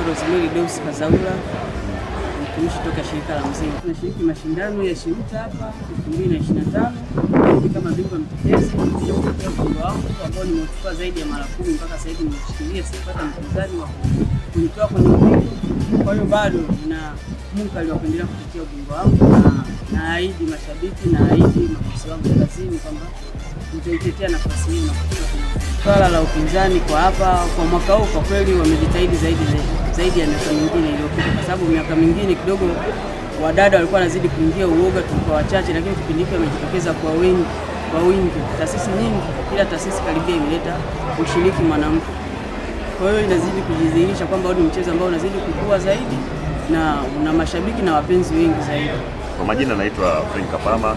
Naitwa Rosemary Deus Kazaula, mtumishi toka shirika la mzee. Tunashiriki mashindano ya SHIMTA hapa 2025 kama bingwa mtetezi ubingwa wangu ambao nimeuchukua zaidi ya mara kumi mpaka sasa hivi, nimeshikilia sipata mpinzani wa kunitoa kwenye ubingwa. Kwa hiyo bado na Mungu aliwapendelea kutetea ubingwa wangu, na naahidi mashabiki, naahidi makosi wangu kazini kwamba mtaitetea nafasi hiyo. Swala la upinzani kwa hapa kwa mwaka huu kwa kweli wamejitahidi zaidi zaidi ya miaka mingine iliyopita, kwa sababu miaka mingine kidogo wadada walikuwa wanazidi kuingia uoga, tulikuwa wachache, lakini kipindi hiki wamejitokeza kwa wingi kwa wingi. Taasisi nyingi, kila taasisi karibia imeleta ushiriki mwanamke. Kwa hiyo inazidi kujidhihirisha kwamba huu ni mchezo ambao unazidi kukua zaidi na una mashabiki na wapenzi wengi zaidi. Kwa majina naitwa Frank Kapama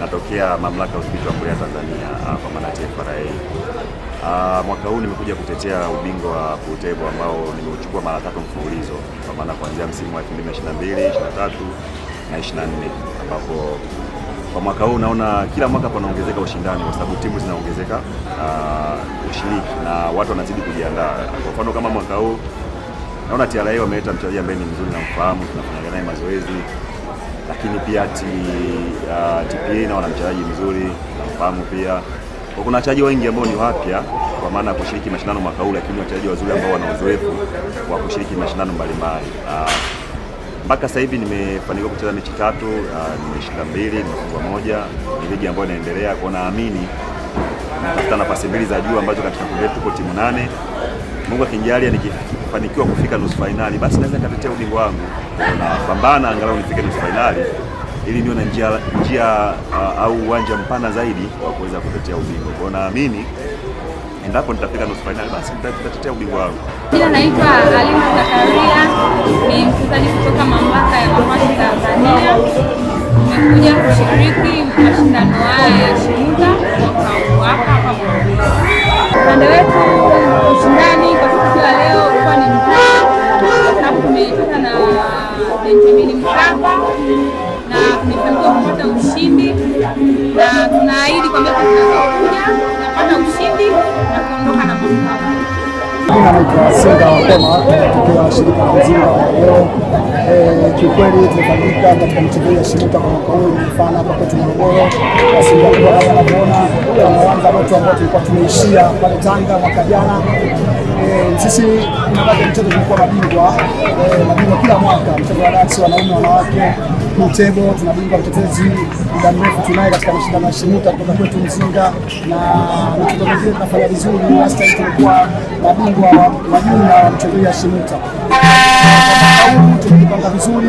natokea mamlaka ya udhibiti wa mbolea Tanzania ah, kwa maana TFRA. Uh, ah, mwaka huu nimekuja kutetea ubingwa wa Putevo ambao nimeuchukua mara tatu mfululizo kwa maana kuanzia msimu wa 2022, 2023 na 2024 ambapo kwa mwaka huu naona kila mwaka panaongezeka ushindani kwa sababu timu zinaongezeka, uh, ushiriki na watu wanazidi kujiandaa. Kwa mfano kama mwaka huu naona TRA wameleta mchezaji ambaye ni mzuri na mfahamu, tunafanya naye mazoezi lakini pia t, uh, TPA nao na mchezaji mzuri namfahamu pia. Kuna wachezaji wengi ambao ni wapya kwa maana ya kushiriki mashindano mwaka huu, lakini wachezaji wazuri ambao wana uzoefu wa kushiriki mashindano mbalimbali uh, mpaka sasa hivi nimefanikiwa kucheza mechi tatu uh, nimeshinda mbili, nimefungwa moja. Ni ligi ambayo inaendelea, kwa naamini natafuta nafasi mbili za juu ambazo katika kundi letu tuko timu nane Mungu akinijalia nikifanikiwa kufika nusu fainali, basi naweza nikatetea ubingwa wangu na pambana angalau nifike nusu fainali ili niwe na njia, njia uh, au uwanja mpana zaidi wa kuweza kutetea ubingwa. Kwa naamini endapo nitafika nusu fainali, basi nitatetea ubingwa wangu. Mimi naitwa Halima Zakaria, ni mchezaji kutoka mamlaka ya Mwanza Tanzania. Nimekuja kushiriki na tunaahidi kwamba tunazokuja tunapata ushindi na kuondoka na mafao. tukiwa shirika leo. Eh, kiukweli tumefanyika katika ya shirika kwa mwaka huu imefana hapa kwetu Morogoro kama unavyoona, tunaanza moto ambao tulikuwa tumeishia pale Tanga mwaka jana. Eh, sisi tumekuwa mabingwa eh, mabingwa kila mwaka, mchezo wa wanaume wanawake table tunabingwa mtetezi muda mrefu tunaye katika mashindano ya Shimuta kutoka kwetu Mzinga, na michezo mingine tunafanya vizuri. Last time tulikuwa mabingwa wa majuma wa mchezo ya Shimuta. Tumejipanga vizuri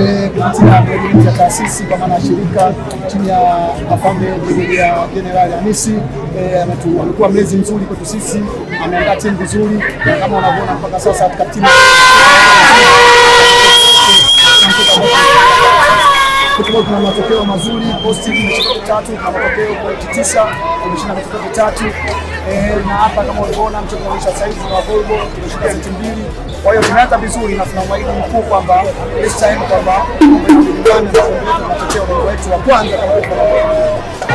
eh, kupitia bodi ya taasisi kwa maana ya shirika chini ya afande brigedia jenerali Hamisi eh, amekuwa mlezi mzuri kwetu sisi, ameandaa timu vizuri kama unavyoona mpaka sasa katika timu kutoka kuna matokeo mazuri positive, tumecheza vitatu na matokeo point tisa, tumeshinda matokeo Eh, na hapa kama unaona mchezo unaonyesha sasa hivi wa Volvo tumeshinda seti mbili. Kwa hiyo tunaanza vizuri na tuna mwaido mkuu kwamba this time kwamba matokeo wetu wa kwanza kama